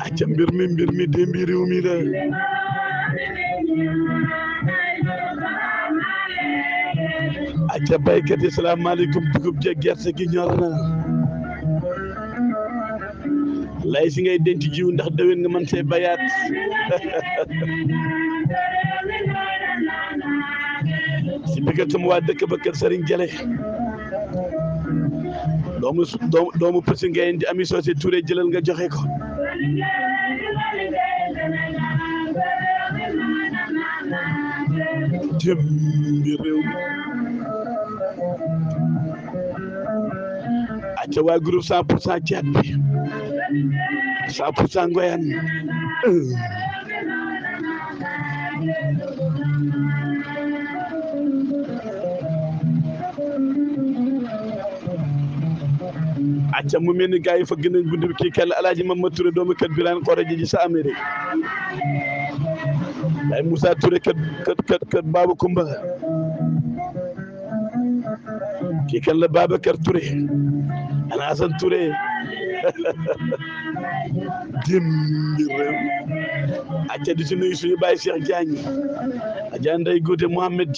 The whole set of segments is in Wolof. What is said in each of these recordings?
acca mbir birmi mbir mi dembi baik mi la acca baykat yi salaamaaleykum dugub ja gerte gi ñor na lay si ngay si bëggatam semua dëkk ba sering Sëriñ doomu doomu Poussi Ngueye di Ami Socé Touré jëlal nga joxe ko jëm bi réew acca waa groupe cent pour cent ceeb bi cent pour cent ngoyaan ca mu mel ni gars yi fëgg nañ guddi bi kii kell alaaji Mamadou Touré doomu kër Birane sa Amérique waaye Moussa Touré kër kër kër Baba Kumba kii kan la Babacar Touré ana Assane Touré dimbi réew acca di ci nuyu suñu Baye Cheikh Diagne Adja Ndeye Goute Mohamed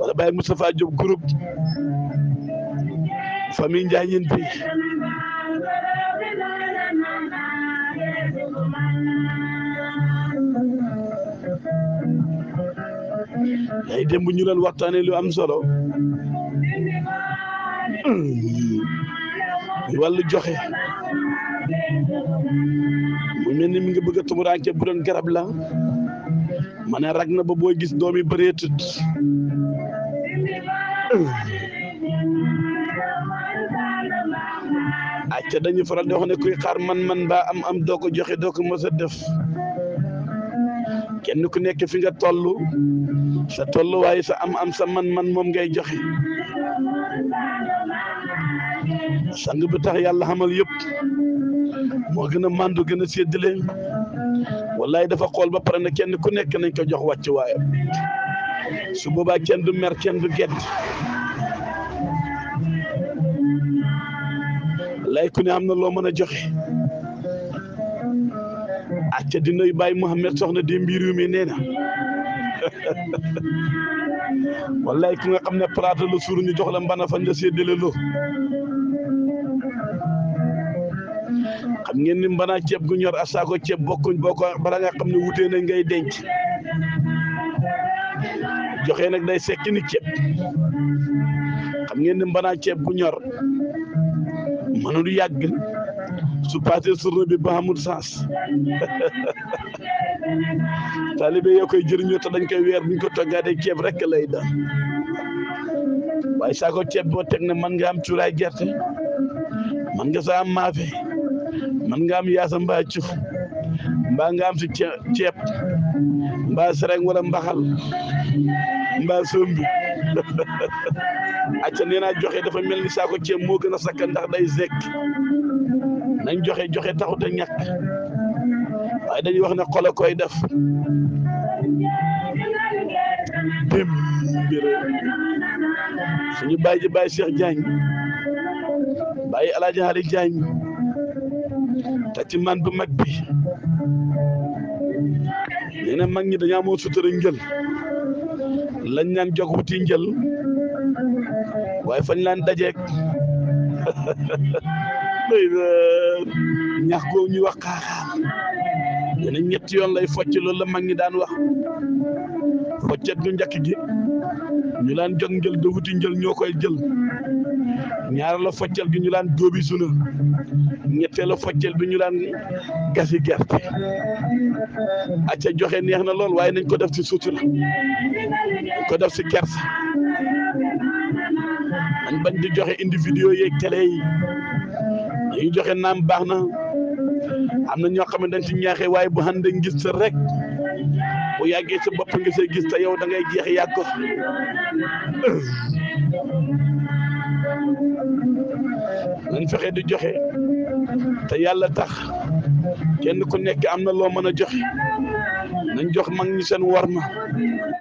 wala Baye Moustapha Diop groupe fa min janyin bi day dem bu ñu doon waxtaane lu am solo mm. wàllu joxe mu mel mi nga bëgg a tumuraanke bu doon garab la ma ne rag na ba booy gis doom yi bëreetut acca dañuy faral di wax ne kuy xaar man-man baa am am doo ko joxe doo ko mës a def kenn ku nekk fi nga tollu sa tolluwaay sa am am sa man-man moom ngay joxe sang bi tax yàlla xamal yépp moo gën a màndu gën a séddale wallaay dafa xool ba pare na kenn ku nekk nañ ko jox wàcc waayam su boobaa kenn du mer kenn du gedd lay ku ne am na loo mën a joxe acca dinayu bàyyi Mouhamed soxna di mbiru mi nee na wallaay ku nga xam ne praata la suur ñu jox la mbana fan la séddale loo xam ngeen ni mbana ceeb gu ñor saako ceeb bokkuñ boo ko bala nga xam ne wutee nañ ngay denc joxe nag day sekki ceeb xam ngeen ni mbana ceeb gu ñor mënul yàgg su passé surna bi ba amul sens taalibe yoo koy jëriñoo te dañ koy weer buñ ko toggaatee ceeb rek lay dal waaye saako ceeb boo teg ne mën nga am cuuraay gerte mën nga saa am maafe mën nga am yaasa mbaa cuf mbaa nga am si ceeb mbaa sereng wala mbaxal mbaa sombi acca nee naa joxe dafa mel ni saako ceeb moo gën a sakkan ndax day zekk nañ joxe joxe taxut a ñàkk waaye dañuy wax na xol a koy def bim mbir suñu bàyyi ji bàyyi Cheikh Diagne bàyyi bu bi mag ñi lañ naan jog wuti njël waaye fañ laan dajeek ñax googu ñuy wax xaaxaar dana ñetti yoon lay focc loolu la mag ñi daan wax foccet ñu njëkk gi ñu laan jog jël de wuti njël ñoo koy jël ñaar la foccal bi ñu laan dóobi sunu ñette la foccal bi ñu laan gasi gerte acca joxe neex na lool waye nañ ko def ci la ko def ci kersa bañ di joxe individu yeeg télé yi nambahna. joxe naam si nyake ño xamne dañ ci ñaxé waye bu hande rek bu yagge ci bop nga gis ta yow da ngay jex yakko nañ fexe di joxe te yàlla tax kenn ku nekk am na loo mën a joxe nañ jox man ñi seen war ma